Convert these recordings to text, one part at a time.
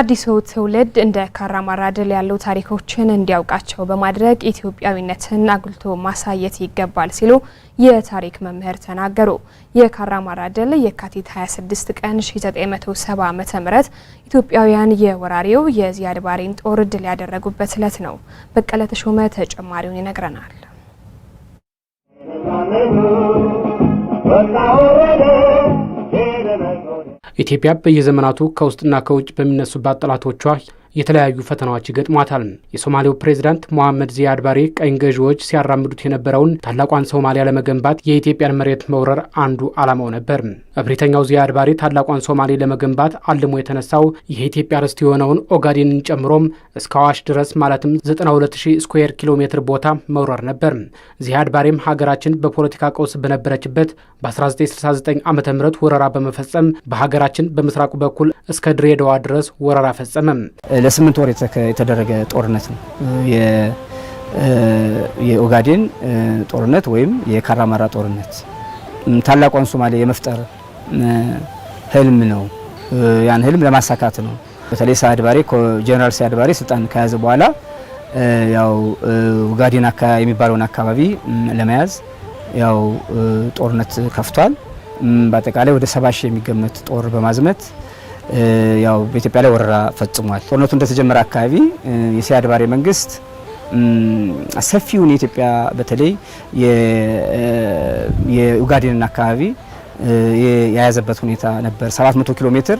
አዲሱ ትውልድ እንደ ካራማራ ድል ያሉ ታሪኮችን እንዲያውቃቸው በማድረግ ኢትዮጵያዊነትን አጉልቶ ማሳየት ይገባል ሲሉ የታሪክ መምህር ተናገሩ። የካራማራ ድል የካቲት 26 ቀን 1970 ዓ.ም ኢትዮጵያውያን የወራሪው የዚያድ ባሬን ጦር ድል ያደረጉበት ዕለት ነው። በቀለ ተሾመ ተጨማሪውን ይነግረናል። ኢትዮጵያ በየዘመናቱ ከውስጥና ከውጭ በሚነሱባት ጠላቶቿ የተለያዩ ፈተናዎች ይገጥሟታል። የሶማሌው ፕሬዚዳንት ሞሐመድ ዚያድ ባሬ ቀኝ ገዢዎች ሲያራምዱት የነበረውን ታላቋን ሶማሊያ ለመገንባት የኢትዮጵያን መሬት መውረር አንዱ ዓላማው ነበር። እብሪተኛው ዚያድ ባሬ ታላቋን ሶማሌ ለመገንባት አልሞ የተነሳው የኢትዮጵያ ርስት የሆነውን ኦጋዴንን ጨምሮም እስከ አዋሽ ድረስ ማለትም 920 ስኩዌር ኪሎ ሜትር ቦታ መውረር ነበር። ዚያድ ባሬም ሀገራችን በፖለቲካ ቀውስ በነበረችበት በ1969 ዓ ም ወረራ በመፈጸም በሀገራችን በምስራቁ በኩል እስከ ድሬዳዋ ድረስ ወረራ ፈጸመም። ለስምንት ወር የተደረገ ጦርነት ነው። የኦጋዴን ጦርነት ወይም የካራማራ ጦርነት ታላቋን ሶማሌ የመፍጠር ህልም ነው። ያን ህልም ለማሳካት ነው። በተለይ ሳዕድ ባሬ ጀኔራል ሳዕድ ባሬ ስልጣን ከያዘ በኋላ ያው ኦጋዴን የሚባለውን አካባቢ ለመያዝ ያው ጦርነት ከፍቷል። በአጠቃላይ ወደ ሰባ ሺህ የሚገመት ጦር በማዝመት ያው በኢትዮጵያ ላይ ወረራ ፈጽሟል። ጦርነቱ እንደተጀመረ አካባቢ የሲያድ ባሬ መንግስት ሰፊውን የኢትዮጵያ በተለይ የኡጋዴንን አካባቢ የያዘበት ሁኔታ ነበር። 700 ኪሎ ሜትር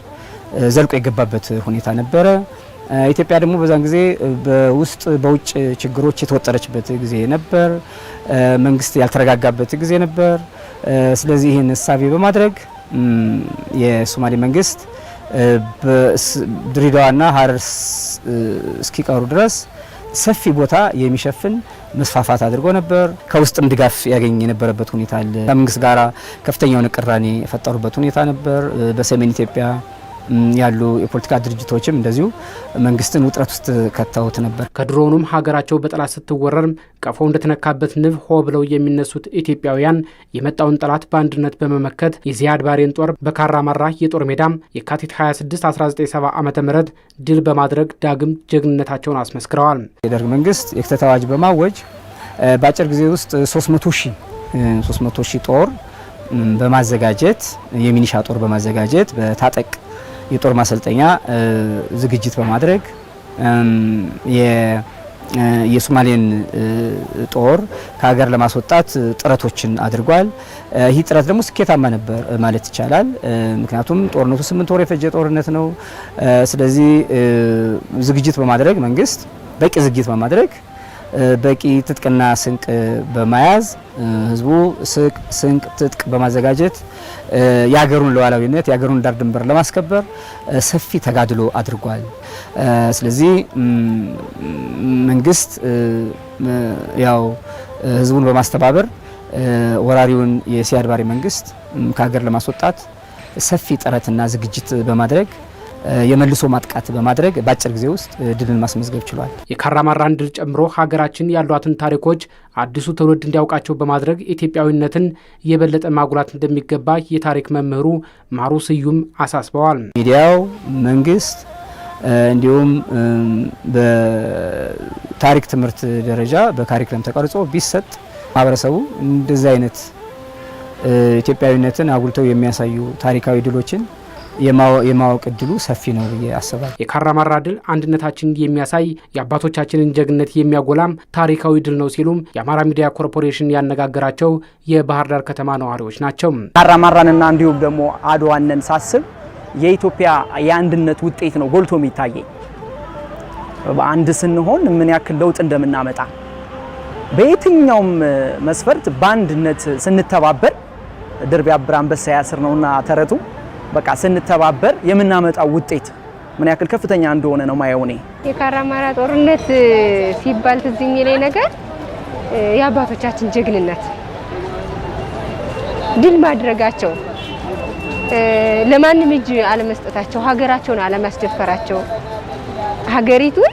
ዘልቆ የገባበት ሁኔታ ነበረ። ኢትዮጵያ ደግሞ በዛን ጊዜ በውስጥ በውጭ ችግሮች የተወጠረችበት ጊዜ ነበር። መንግስት ያልተረጋጋበት ጊዜ ነበር። ስለዚህ ይህን እሳቤ በማድረግ የሶማሌ መንግስት ድሬዳዋና ሀረር እስኪቀሩ ድረስ ሰፊ ቦታ የሚሸፍን መስፋፋት አድርጎ ነበር። ከውስጥም ድጋፍ ያገኝ የነበረበት ሁኔታ አለ። ከመንግስት ጋራ ከፍተኛውን ቅራኔ የፈጠሩበት ሁኔታ ነበር። በሰሜን ኢትዮጵያ ያሉ የፖለቲካ ድርጅቶችም እንደዚሁ መንግስትን ውጥረት ውስጥ ከተውት ነበር። ከድሮውኑም ሀገራቸው በጠላት ስትወረር ቀፎ እንደተነካበት ንብ ሆ ብለው የሚነሱት ኢትዮጵያውያን የመጣውን ጠላት በአንድነት በመመከት የዚያድ ባሬን ጦር በካራማራ የጦር ሜዳ የካቲት 26 1970 ዓ ም ድል በማድረግ ዳግም ጀግንነታቸውን አስመስክረዋል። የደርግ መንግስት የክተት አዋጅ በማወጅ በአጭር ጊዜ ውስጥ 300 ሺህ ጦር በማዘጋጀት የሚኒሻ ጦር በማዘጋጀት በታጠቅ የጦር ማሰልጠኛ ዝግጅት በማድረግ የሶማሌን ጦር ከሀገር ለማስወጣት ጥረቶችን አድርጓል። ይህ ጥረት ደግሞ ስኬታማ ነበር ማለት ይቻላል። ምክንያቱም ጦርነቱ ስምንት ወር የፈጀ ጦርነት ነው። ስለዚህ ዝግጅት በማድረግ መንግስት በቂ ዝግጅት በማድረግ በቂ ትጥቅና ስንቅ በመያዝ ህዝቡ ስንቅ ትጥቅ በማዘጋጀት የሀገሩን ሉዓላዊነት የሀገሩን ዳር ድንበር ለማስከበር ሰፊ ተጋድሎ አድርጓል። ስለዚህ መንግስት ያው ህዝቡን በማስተባበር ወራሪውን የሲያድባሪ መንግስት ከሀገር ለማስወጣት ሰፊ ጥረትና ዝግጅት በማድረግ የመልሶ ማጥቃት በማድረግ በአጭር ጊዜ ውስጥ ድልን ማስመዝገብ ችሏል። የካራማራን ድል ጨምሮ ሀገራችን ያሏትን ታሪኮች አዲሱ ትውልድ እንዲያውቃቸው በማድረግ ኢትዮጵያዊነትን የበለጠ ማጉላት እንደሚገባ የታሪክ መምህሩ ማሩ ስዩም አሳስበዋል። ሚዲያው፣ መንግስት እንዲሁም በታሪክ ትምህርት ደረጃ በካሪክለም ተቀርጾ ቢሰጥ ማህበረሰቡ እንደዚህ አይነት ኢትዮጵያዊነትን አጉልተው የሚያሳዩ ታሪካዊ ድሎችን የማወቅ እድሉ ሰፊ ነው ብዬ አስባለሁ። የካራማራ ድል አንድነታችንን የሚያሳይ የአባቶቻችንን ጀግነት የሚያጎላም ታሪካዊ ድል ነው ሲሉም የአማራ ሚዲያ ኮርፖሬሽን ያነጋገራቸው የባህር ዳር ከተማ ነዋሪዎች ናቸው። ካራማራንና እንዲሁም ደግሞ አድዋንን ሳስብ የኢትዮጵያ የአንድነት ውጤት ነው ጎልቶ የሚታየኝ አንድ ስንሆን ምን ያክል ለውጥ እንደምናመጣ በየትኛውም መስፈርት በአንድነት ስንተባበር ድር ቢያብር አንበሳ ያስር ነውና ተረቱ። በቃ ስንተባበር የምናመጣው ውጤት ምን ያክል ከፍተኛ እንደሆነ ነው ማየው። እኔ የካራማራ ጦርነት ሲባል ትዝ የሚለኝ ነገር የአባቶቻችን ጀግንነት ድል ማድረጋቸው ለማንም እጅ አለመስጠታቸው፣ ሀገራቸውን አለማስደፈራቸው፣ ሀገሪቱን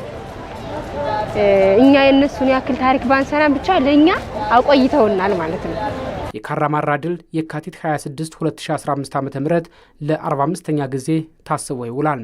እኛ የእነሱን ያክል ታሪክ ባንሰራን ብቻ ለእኛ አቆይተውናል ማለት ነው። የካራማራ ድል የካቲት 26 2015 ዓ ም ለ45ኛ ጊዜ ታስቦ ይውላል።